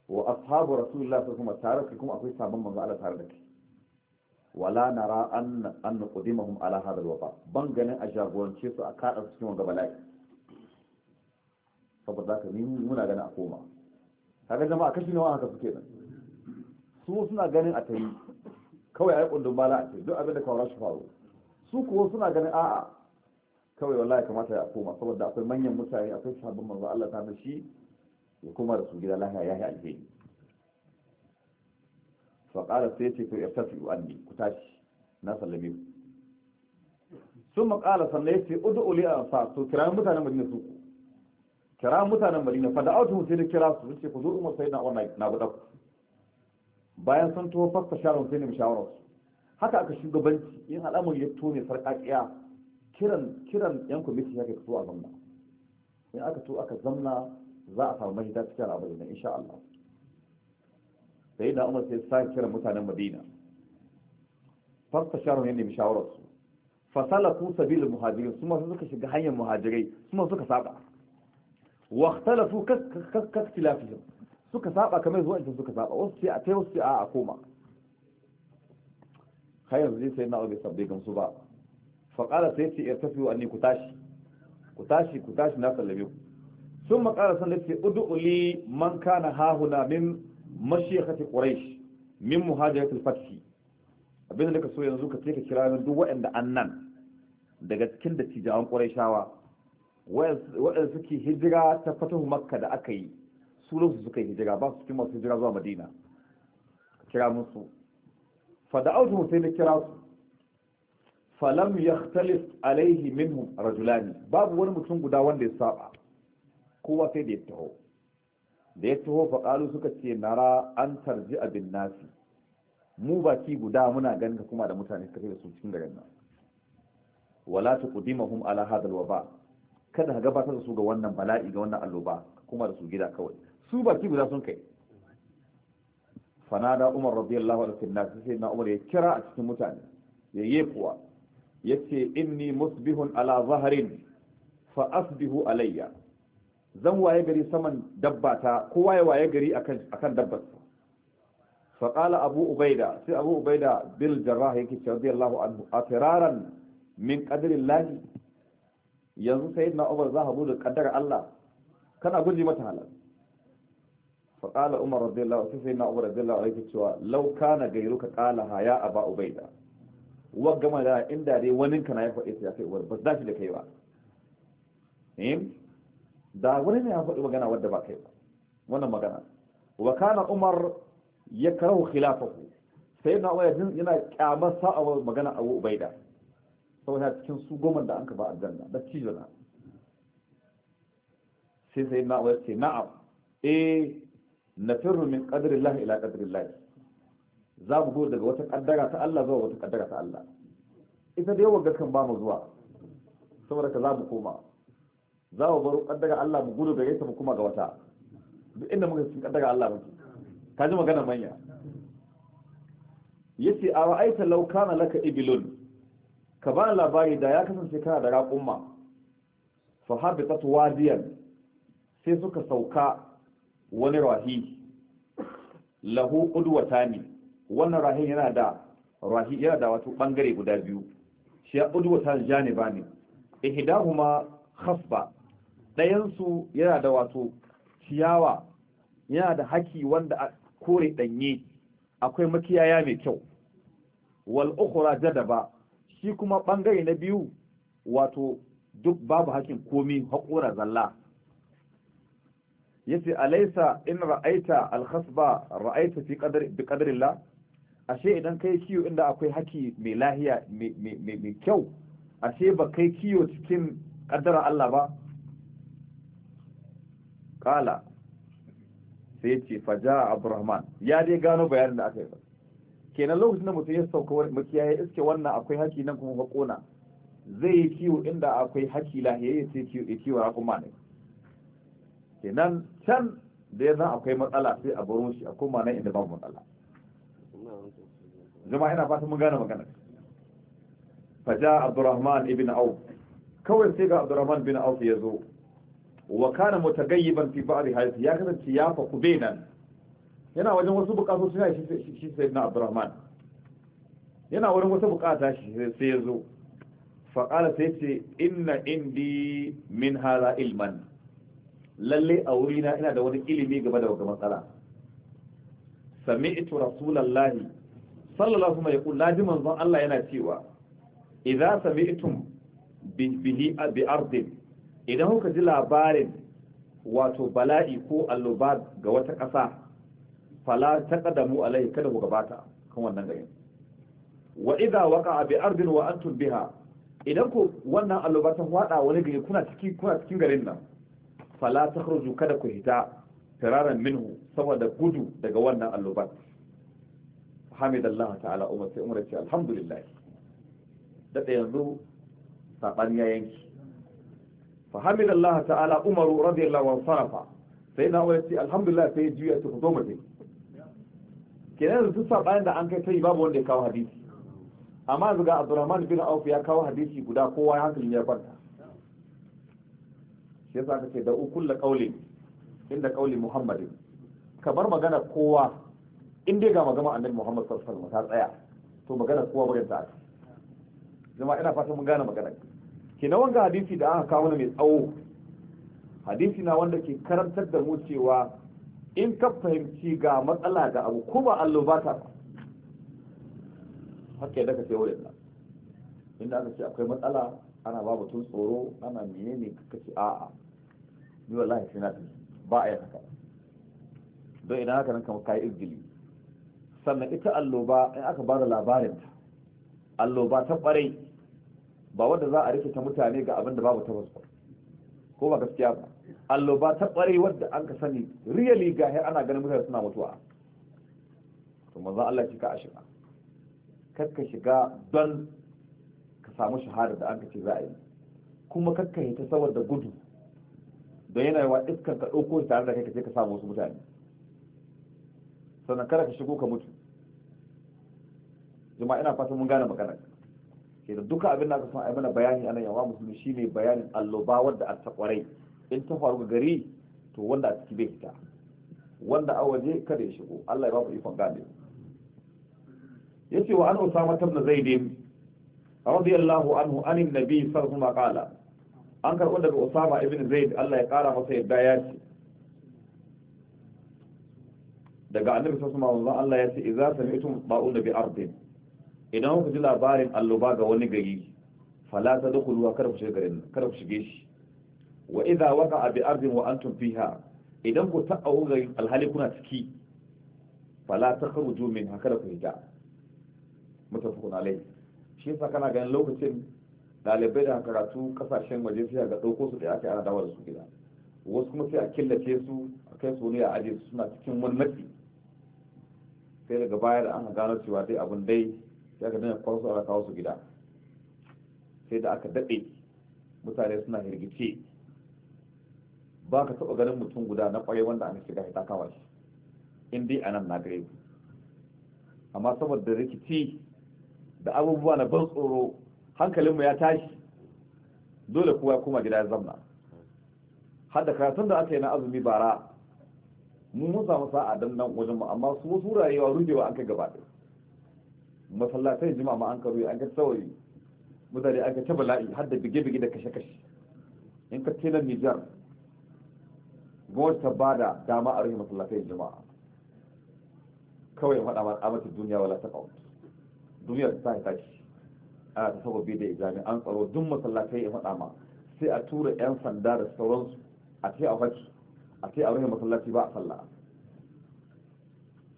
A: wa ashabu rasulullah sallallahu alaihi wasallam tare kai kuma akwai sabon manzo Allah tare da kai wala nara an an qudimahum ala hada alwafa ban ganin a jagorance su a kada su cikin gaba bala'i saboda ka ni muna ganin a koma kaga jama'a kashi nawa haka suke nan su suna ganin a tayi kawai a yi kundin bala a ce duk abin da kawara shi faru su kuwa suna ganin a'a kawai wallahi kamata ya koma saboda akwai manyan mutane akwai sabon manzo Allah ta shi ya kuma da su gida lahiya ya yi alheri fa qala sai ce ku iftafi anni ku tashi na sallame ku sun maƙala sannan ya ce udu uli a sa to kira mutanen madina su ku kira mutanen madina fa da sai da kira su ce ku zo umar sai na wannan na buɗa ku bayan sun tuwo fasta sharon sai ne shawarar haka aka shugabanci yin al'amari ya tone sarƙaƙiya kiran kiran yan kwamiti ya kai a zamna in aka to aka zamna za a samu mahita cikin al'amari na insha Allah sai da umar sai sa kiran mutanen madina fasta sharon ya nemi shawararsu su fasala ku sabilin muhajirin su masu suka shiga hanyar muhajirai su masu suka saba واختلفوا كاختلافهم suka saba kamar zuwa inda suka saba wasu ce a tai wasu ce a a koma har yanzu dai sai na obi sabbi gamsu ba qala sai ce irtafi wa anni ku tashi ku tashi ku tashi na sallame ku sun maƙara san da ce udu'uli man kana hahuna min mashiyakati quraish min muhajiratul fathi abin da ka so yanzu ka ka kira min duk waɗanda annan daga cikin dattijawan qurayshawa waɗanda suke hijira ta fatahu makka da aka yi su suka yi hijira ba su cikin masu hijira zuwa madina kira musu fada autu sai na kira su falam talis alaihi minhum rajulani babu wani mutum guda wanda ya saba kowa sai da ya taho da ya taho faƙalu suka ce nara an tarji abin nasi mu baki guda muna ganin kuma da mutane suka da su cikin garin nan wala tuqdimahum ala hadal ba. kada ka gabatar da su ga wannan bala'i ga wannan allo alloba kuma da su gida kawai su baki guda sun kai fanada umar radiyallahu anhu fil sai na umar ya kira a cikin mutane ya yefuwa yace inni musbihun ala zaharin fa asbihu alayya zan waye gari saman dabbata ta ko waye gari akan akan dabbar fa qala abu ubaida sai abu ubaida bil jarrah yake radiyallahu anhu atiraran min llahi yanzu sayyidina umar za zahabu bude kaddara Allah kana guji mata halal faƙala umar radiyallahu sai sai na umar radiyallahu alaihi cewa lau kana gairu ka ƙala ha ya aba ubaida wa gama da inda wani kana ya faɗi ya kai uwar ba za shi kai ba da wani ne ya faɗi magana wadda ba kai ba wannan magana wa umar ya karahu khilafahu sai na umar yana kyamar sa'a magana abu ubaida saboda cikin su goma da an ka ba a umar ce firru min qadrillahi ila qadrillahi za mu gudu daga wata kaddara ta Allah zuwa wata kaddara ta Allah ita da yawan gaskan ba mu zuwa saboda ka za mu koma za mu baro kaddara Allah mu gudu gare ta mu kuma ga wata duk inda muka cikin kaddara Allah muke ka ji magana manya yace a ra'aita law kana laka ibilun ka ba labari da ya kasance kana da raƙumma fa habitat wadiyan sai suka sauka wani rahi lahu udwatani wannan rahi yana da rahi yana da wato bangare guda biyu shi qudwatan janibani ihdahuma khasba dayan su yana da wato ciyawa yana da haki wanda kore danye akwai makiyaya mai kyau wal ukhra jadaba shi kuma bangare na biyu wato duk babu hakin komi haƙura zalla yace alaysa in ra'aita al-khasba ra'aita fi qadri bi qadrillah ashe idan kai kiyo inda akwai haki mai lahiya mai kyau ashe ba kai kiyo cikin qadara Allah ba kala sai yace ce faja abrahman ya dai gano bayanin da aka yi kenan lokacin da mutum ya sauka makiyaye iske wannan akwai haki nan kuma ka kona zai yi kiwo inda akwai haki lahiyayya sai kiwo ya kiwo rakuma ne kenan can da ya zan akwai matsala sai a baro shi a koma nan inda babu matsala jama'a ina fata mun gane magana faja abdurrahman ibn auf kawai sai ga abdurrahman Ibn auf ya zo wa kana mutagayyiban fi ba'd hayati ya kasance ya fa kubenan yana wajen wasu bukatu suna shi shi na abdurrahman yana wurin wasu bukata shi sai ya zo fa qala sai ce inna indi min hala ilman lalle a wurina ina da wani ilimi game da wannan matsala sami'tu rasulullahi sallallahu alaihi wasallam laji manzon Allah yana cewa idza sami'tum bihi bi ardin idan kuka ji labarin wato bala'i ko alluba ga wata ƙasa fala taqadamu alai kada ku gabata kan wannan gari wa idza waqa'a bi ardin wa antum biha idan ku wannan alluba ta wada wani gari kuna cikin garin nan fala takhruju kada ku hita firaran minhu saboda gudu daga wannan allubar hamidallah ta'ala umar sai umar ce alhamdulillah daɗa yanzu saɓan ya yanki fa hamidallah ta'ala umaru radiyallahu anhu sarafa sai na wani ce alhamdulillah sai juya ta fito mace kenan yanzu duk saɓanin da an kai ta yi babu wanda ya kawo hadisi amma yanzu ga abdurrahman bin auf ya kawo hadisi guda kowa hankalin ya kwanta shi yasa ka ce da ukulla kauli inda kauli muhammadin ka bar magana kowa in dai ga magana annabi muhammad sallallahu alaihi wasallam ta tsaya to magana kowa ba ta zama ina fata mun gane magana ke na wanga hadisi da aka kawo mai tsawo hadisi na wanda ke karantar da mu cewa in ka fahimci ga matsala da abu ko ba allo ba ta hakke da yadda ka ce wurin nan inda aka ce akwai matsala ana babu tun tsoro ana menene ka ce a'a ni wallahi sai na tafi ba a yi haka don idan haka nan kamar kayi izgili sannan ita alloba in aka ba da labarinta alloba ta ɓarai ba wanda za a rikita mutane ga abin da babu ta ba ko ba gaskiya ba alloba ta ɓarai wadda an ka sani really ga ana ganin mutane suna mutuwa to manzo Allah ya ka a shiga kar ka shiga don ka samu shahada da an ka ce za a yi kuma kakkai ta saboda gudu don yana yawa iskan ka ɗauko shi tare da kai ka je ka samu wasu mutane sannan kada ka shigo ka mutu jama'a ina fatan mun gane magana ke da duka abin da aka san mana bayani anan yawa musulmi shine bayanin alloba wanda a ta kwarai in ta faru gari to wanda a ciki bai fita wanda a waje kada ya shigo Allah ya ba ku ikon gane ce wa an usama ibn zaid radiyallahu anhu an nabi sallallahu alaihi wasallam qala an karɓo daga Usama ibn Zaid Allah ya ƙara masa yadda ya ce daga annabi sallallahu alaihi wasallam Allah ya ce idza sami'tum ba'una bi ardin idan kuka ji labarin alluba ga wani gari fala tadkhulu wa kar ku shige garin kar ku shige shi wa idza waqa'a bi ardin wa antum fiha idan ku ta'a garin alhali kuna ciki fala ta takhruju min hakara ku hita mutafaqun alai shi yasa kana ganin lokacin ɗalibai da karatu kasashen waje sai ga ɗauko su da aka ana dawo da su gida wasu kuma sai a killace su a kai su ne a aje su suna cikin wani matsi sai daga baya da an gano cewa dai abun dai sai aka dana kwarsu ana kawo su gida sai da aka daɗe mutane suna hirgice ba ka taɓa ganin mutum guda na ƙwarai wanda an shiga ta kawo shi in dai a nan na gare amma saboda rikici da abubuwa na ban tsoro hankalinmu ya tashi dole kuwa kuma gida ya zamna har da karatun da aka yi na azumi bara mun mun samu sa'a dan nan wajen mu amma su wasu yawa rugewa an kai gaba ɗaya masallatai jima ma an karu an ka tsawari mutane an ka ta bala'i har da bige-bige da kashe-kashe in ka ce na nijar gwamnati ta ba da dama a rufe masallatai jima'a kawai faɗa ma duniya wala ta ƙaunar duniyar ta ta tashi a sababi da an tsaro duk masallatai ya faɗa ma sai a tura 'yan sanda da sauransu a ce a faci a ce a rufe masallaci ba a sallah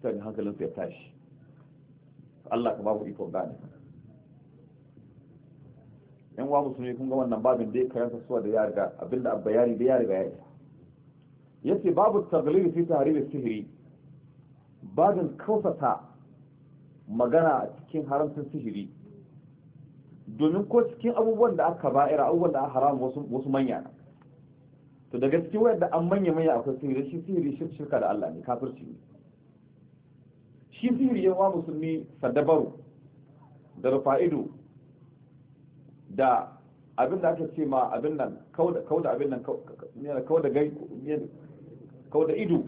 A: sai hankalin su ya tashi Allah ka babu iko gane yan wa musulmi kun ga wannan babin da ya karanta suwa da ya riga abinda abba yari da ya riga ya yace babu taglil fi tahrim sihiri babin kausata magana cikin haramcin sihiri domin ko cikin abubuwan da aka ba'ira abubuwan da aka haram wasu manya na to daga cikin wayar da an manya manya akwai sihiri shi sihiri shirka da Allah ne kafirci ne shi sihiri yawa musulmi sadabaru da rufa'idu da abin da aka ce ma abin nan da abin nan da gai da ido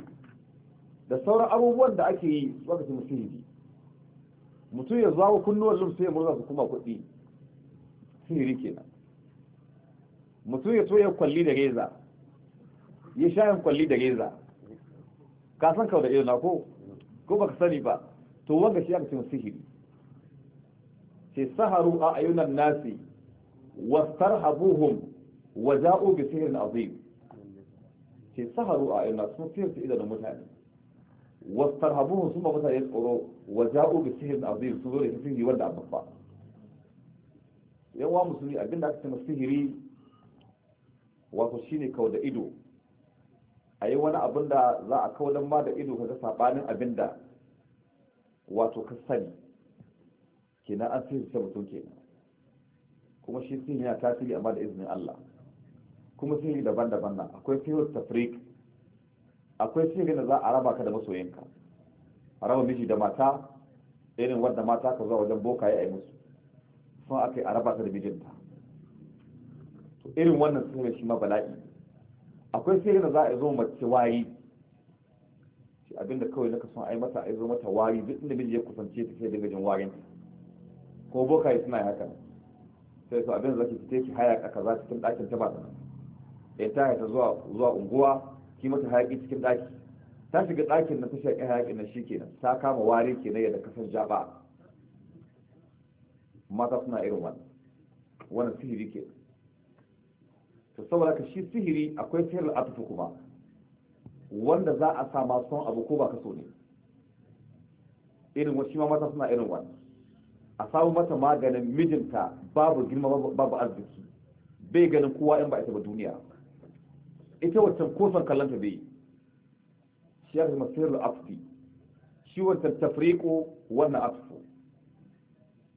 A: da sauran abubuwan da ake yi wakacin sihiri mutum ya zawo kunnuwar lumsu ya murza su kuma kuɗi sihiri kenan mutum ya so kwalli da reza ya shayin kwalli da reza ka san kawo da ido na ko ko baka sani ba to wanda shi aka cin sihiri sai saharu a ayunan nasi wastarhabuhum wa ja'u bi sihrin azim ce saharu a ayunan sun sihirta idanun mutane wastarhabuhum sun ba mutane tsoro wa obi sihirin sihrin azim su zo da sihiri wanda abubuwa yan wa musulmi abinda aka tana sihiri wato shine kawo da ido a yi wani abin da za a kawo ma da ido ga saɓanin abin da wato ka sani kenan an sihiri ta mutum kenan kuma shi sihiri na tasiri amma da izinin Allah kuma sihiri daban-daban na akwai ta tafrik akwai sihiri da za a raba ka da masoyinka a raba miji da mata irin wanda mata ka zuwa wajen boka ya yi musu sun aka yi a raba ta da mijinta to irin wannan sun shi ma bala'i akwai sai da za a zo mace wari shi abinda kawai na kasan ai mata ai zo mata wari duk inda miji ya kusance ta sai daga jin warin ko yi suna yi haka sai su abin zaki fite ki haya a kaza cikin ɗakin ta ba ta ya ta ta zuwa zuwa unguwa ki mata hayaki cikin ɗaki ta shiga ɗakin na ta shaƙi hayaƙin na shi kenan ta kama wari kenan yadda kasan jaba mata suna irin wannan wannan sihiri ke to saboda ka shi sihiri akwai sihir al'atufu kuma wanda za a sa ma son abu ko ba ka so ne irin wasu mata suna irin wannan a samu mata maganin mijinta babu girma babu arziki bai ganin kowa in ba ita ba duniya ita wancan son kallonta bai shi ya zama sirrul afti shi wancan tafriko wannan atufu.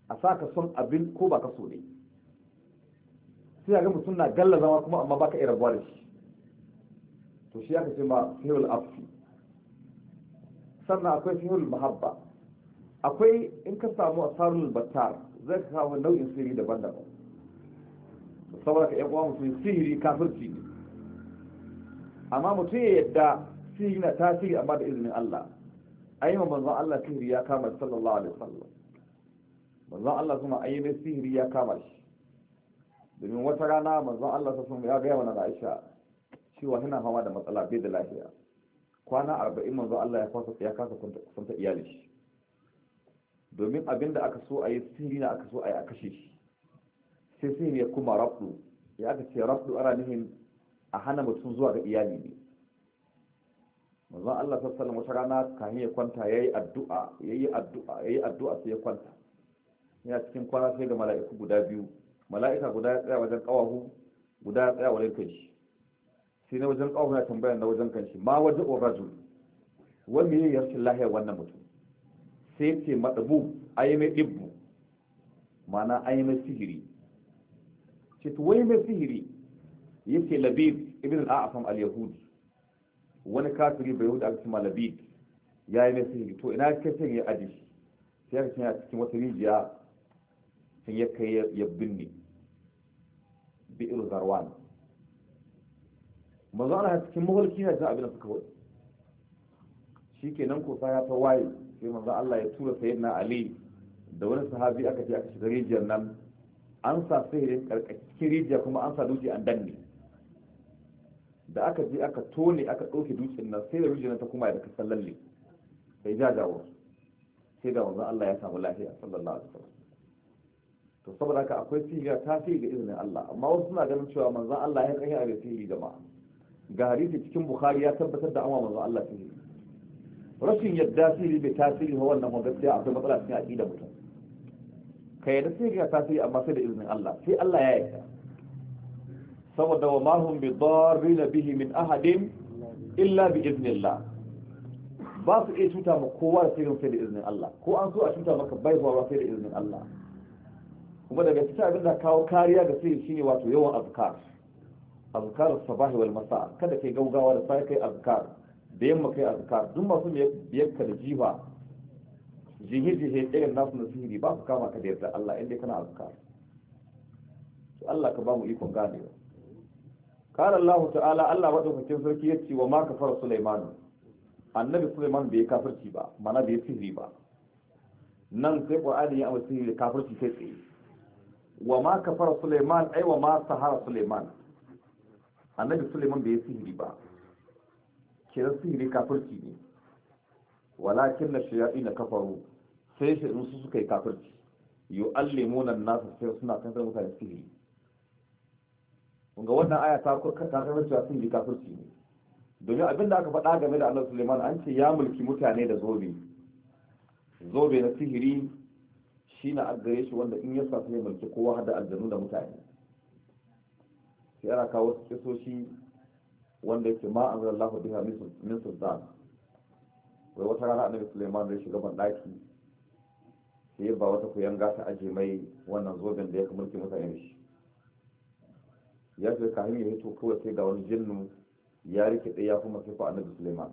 A: a sa ka son abin ko ba ka so ne sai ga mutum na gallazawa kuma amma baka iya rabuwa da shi to shi aka ce ma sihirul afi sannan akwai sihirul mahabba akwai in ka samu asarul batar zai ka samu nau'in sihiri daban-daban saboda ka uwa mutum sihiri kafirci ne amma mutum ya yadda sihiri na tasiri amma da izinin Allah A yi ma manzon Allah sihiri ya kama sallallahu alaihi wasallam manzon Allah kuma ayyana sihiri ya kama shi domin wata rana manzon Allah ta sun ya gaya mana da Aisha cewa yana fama da matsala bai da lafiya kwana arba'in manzon Allah ya kasa ya kasa kusanta iyali shi domin abin da aka so a yi sihiri na aka so a yi a kashe shi sai sihiri ya kuma rabdu ya aka ce rabdu ana nihin a hana mutum zuwa ga iyali ne manzon Allah sallallahu alaihi wata rana kahin ya kwanta yayi addu'a yayi addu'a yayi addu'a sai ya kwanta yana cikin kwana sai ga mala'iku guda biyu mala'ika guda ya tsaya wajen kawahu guda ya tsaya wajen kanshi sai na wajen kawahu na tambaya na wajen kanshi ma wajen orajul wani ne yarshin lahiyar wannan mutum sai ce maɗabu a yi mai ɗibbu mana a yi mai sihiri ce to wani mai sihiri ya ce labib ibn al'afam al-yahudi wani kafiri bai yahudi aka cima labib ya yi mai sihiri to ina kai sai ya aji sai aka cima cikin wata rijiya sai ya kai ya binne bi'ir zarwan mazu ana cikin mawarki na jin abin da suka wadi shi kenan ko sa ya ta waye sai manzo Allah ya tura sayyidina Ali da wani sahabi aka je aka shiga rijiyar nan an sa sihirin karkashin rijiya kuma an sa dutse an danne da aka je aka tone aka ɗauke dutsen nan sai da rijiyar ta kuma da kasan lalle sai jajawo sai da wanzan Allah ya samu lafiya sallallahu alaihi wasallam to saboda haka akwai sihiya ta fi ga izinin Allah amma wasu suna ganin cewa manzon Allah ya kai a da sihiri jama'a ga hadisi cikin Bukhari ya tabbatar da amma manzon Allah sihiri rashin yadda sihiri bai tasiri ba wannan gaskiya akwai matsala cikin aqida mutum ka yadda sihiri ya tasiri amma sai da izinin Allah sai Allah ya yarda saboda wa mahum bi darrin bihi min ahadin illa bi iznillah ba su iya cuta ma kowa da sai da izinin Allah ko an so a cuta maka bai ba sai da izinin Allah kuma daga cikin abin da kawo kariya ga sihiri shine wato yawan azkar azkar sabahi wal masa kada kai gaugawa da sai kai azkar da yamma kai azkar duk masu biyar ka da jifa jihir jihir irin nasu na sihiri ba su kama ka da yarda Allah inda kana azkar to Allah ka ba mu ikon ganewa قال الله تعالى الله madaukakin sarki yace wa ma kafara Sulaiman annabi Sulaiman bai kafirci ba mana bai sihiri ba nan sai Qur'ani ya amma sihiri kafirci sai tsaye wa ma kafara Suleiman ai wa ma sahara Suleiman annabi Suleiman bai sihiri ba kiran sihiri kafirci ne walakin na shayaɗi na kafaru sai shi in su suka yi kafirci yu allimuna nasu sai suna kan zama mutane sihiri ga wannan aya ta kurkar ta zama cewa sihiri kafirci ne domin abin da aka faɗa game da annabi Suleiman an ce ya mulki mutane da zobe zobe na sihiri shi na aggare shi wanda in ya safi ya mulki kowa hada aljanu da mutane sai ana kawo su kisoshi wanda yake ma an zara lahu biha min sultan wai wata rana annabi suleiman zai shiga ban daki sai ba wata kuyanga ta aje mai wannan zoben da ya mulki mutane shi ya ce kahin ya hito kawai sai ga wani jinnu ya rike ɗaya ya kuma sai annabi suleiman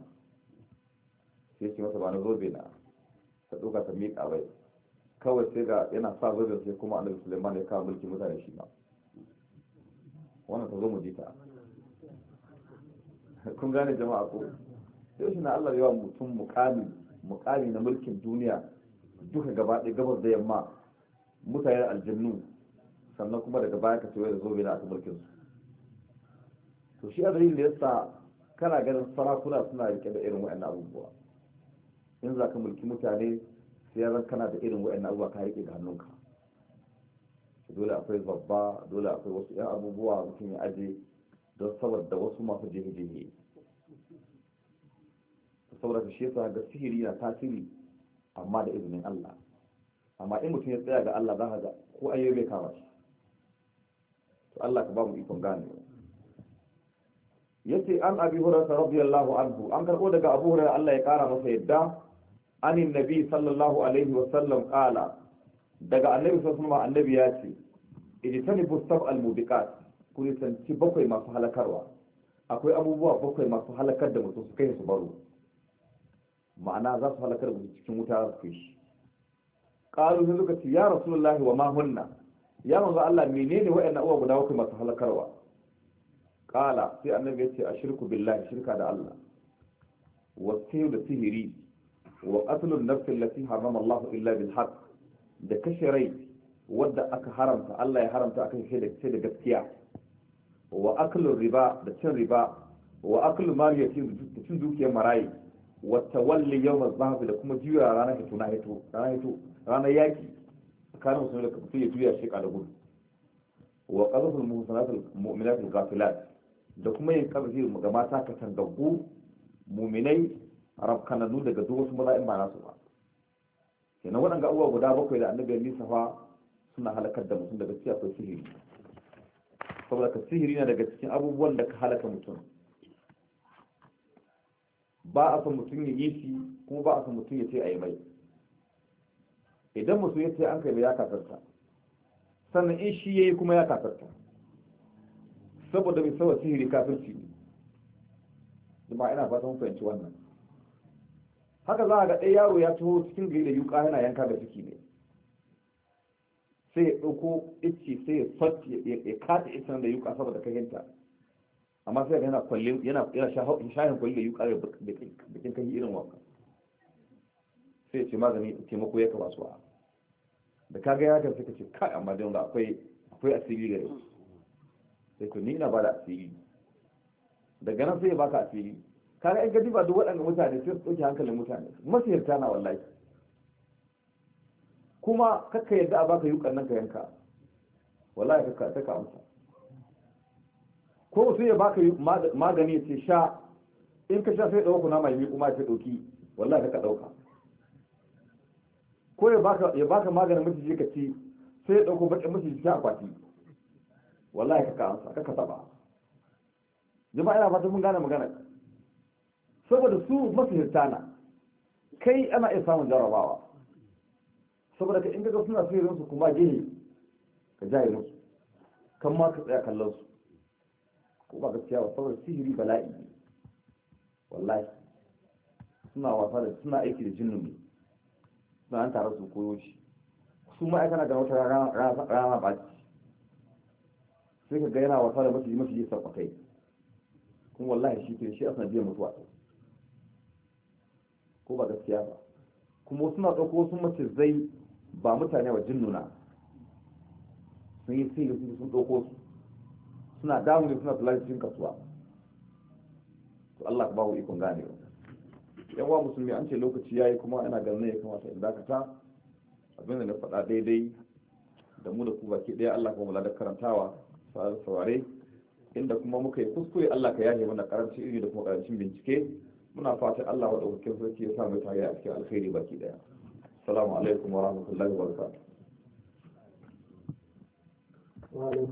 A: sai ce masa ba zobe na ta ɗauka ta miƙa bai kawai sai ga yana sa zurgin sai kuma annabi suleiman ya kawo mulki mutane shi ma wannan ta zo mu jita kun gane jama'a ko sai shi na Allah yawan mutum mukami mukami na mulkin duniya duka gaba ɗaya gabas da yamma mutanen aljannu sannan kuma daga baya ka ce da zo bai na aka mulkin su to shi adalin da yasa kana ganin sarakuna suna rike da irin wa'annan abubuwa in za ka mulki mutane sai ya zan kana da irin wa'annan abubuwa ka riƙe da hannunka dole akwai babba dole akwai wasu 'yan abubuwa mutum ya aje don saboda wasu masu jihe-jihe saboda shi yasa ga sihiri na tasiri amma da izinin Allah amma in mutum ya tsaya ga Allah za ka ga ko ayyo bai kama shi to Allah ka ba mu ikon gane yace an abi hurairah radiyallahu anhu an karbo daga abu hurairah Allah ya kara masa yadda anin nabi sallallahu alaihi wa sallam kala daga annabi sallallahu annabi ya ce tani sab al mubiqat ku nisanci bakwai masu halakarwa akwai abubuwa bakwai masu halakar da mutum su kai su baro ma'ana za su halakar da cikin wuta za su kai shi qalu sai suka ce ya rasulullahi wa ma hunna ya manzo Allah menene wa'annan uwa guda bakwai masu halakarwa qala sai annabi ya ce ashirku billahi shirka da Allah wasu da sihiri wa qatlun nafsin lati harrama Allah illa bil haqq da kashe rai wadda aka haramta Allah ya haramta akan shi da da gaskiya wa aklun riba da cin riba wa aklun mali da cin dukiyar marayi wa tawalli yawm az da kuma juya ranar hito na hito ranar hito ranar yaki tsakanin musulmi da kafin ya juya shi da gudu wa qadhful muhsanat al-mu'minat da kuma yin qadhfi ga mata katangaggu mu'minai rabkananu daga duk wasu maza'in in ba nasu ba kenan waɗanda abubuwa guda bakwai da annabi nisa fa suna halakar da mutum daga cikin akwai sihiri saboda ka sihiri na daga cikin abubuwan da ka halaka mutum ba a san mutum ya yi shi kuma ba a san mutum ya ce a yi mai idan mutum ya ce an kai ya kasarta sannan in shi ya yi kuma ya kasarta saboda mai sawa sihiri kafirci ne ba ina fatan fahimci wannan haka za a ga ɗaya yaro ya taho cikin gari da yuka yana yanka da ciki ne sai ya ɗauko icce sai ya fatti ya kata iccen da yuka saboda kahinta amma sai yana kwalle yana yana shahin kwalle da yuka da bikin kai irin wanka sai ya ce magani taimako ya kaba su da kaga ya kan suka ce kai amma wanda akwai akwai asiri yau sai ku ni na ba da asiri daga nan sai ya baka asiri kaga in gadi ba duk waɗanda mutane sun ɗauki hankalin mutane masiyarta na wallahi kuma kakka yadda a baka yukan nan ka yanka wallahi kakka ta ka amsa ko sai ya baka magani ce sha in ka sha sai ɗauka kuna mai kuma ya ɗauki wallahi kakka ɗauka ko ya baka ya baka maganin miciji ka ci sai ya ɗauko baƙin miciji ta akwati wallahi kakka amsa kakka saba jama'a ina fata mun gane magana saboda su masihirta na kai ana iya samun jarabawa saboda ka inda ga suna sihirin su kuma gini ka jaye musu kan ma ka tsaya kallon su ko ba gaskiya ba saboda sihiri bala'i ne wallahi suna wasa da suna aiki da jinnu ne suna an tare su koyo shi su ma aikana da wata rana ba ci sai ka ga yana wasa da mafi mafi yi sarfakai kai kuma wallahi shi ke shi a sanadiyar mutuwa ɗaya ko ba gaskiya ba kuma suna ɗauko sun mace zai ba mutane ba jin nuna sun yi sai su sun ɗauko su suna damu ne suna tulari cikin kasuwa to Allah ka bawo ikon gane wa yan wa musulmi an ce lokaci yayi kuma ina ganin ya kamata in dakata abin da na faɗa daidai da mu da ku baki ɗaya Allah ka mu da karantawa saurare inda kuma muka yi kuskure Allah ka yahe mana karanci iri da kuma karancin bincike muna fatan Allah wa daukakin sarki ya sa mu tare a cikin alkhairi baki ɗaya. assalamu alaikum wa rahmatullahi wa barakatuh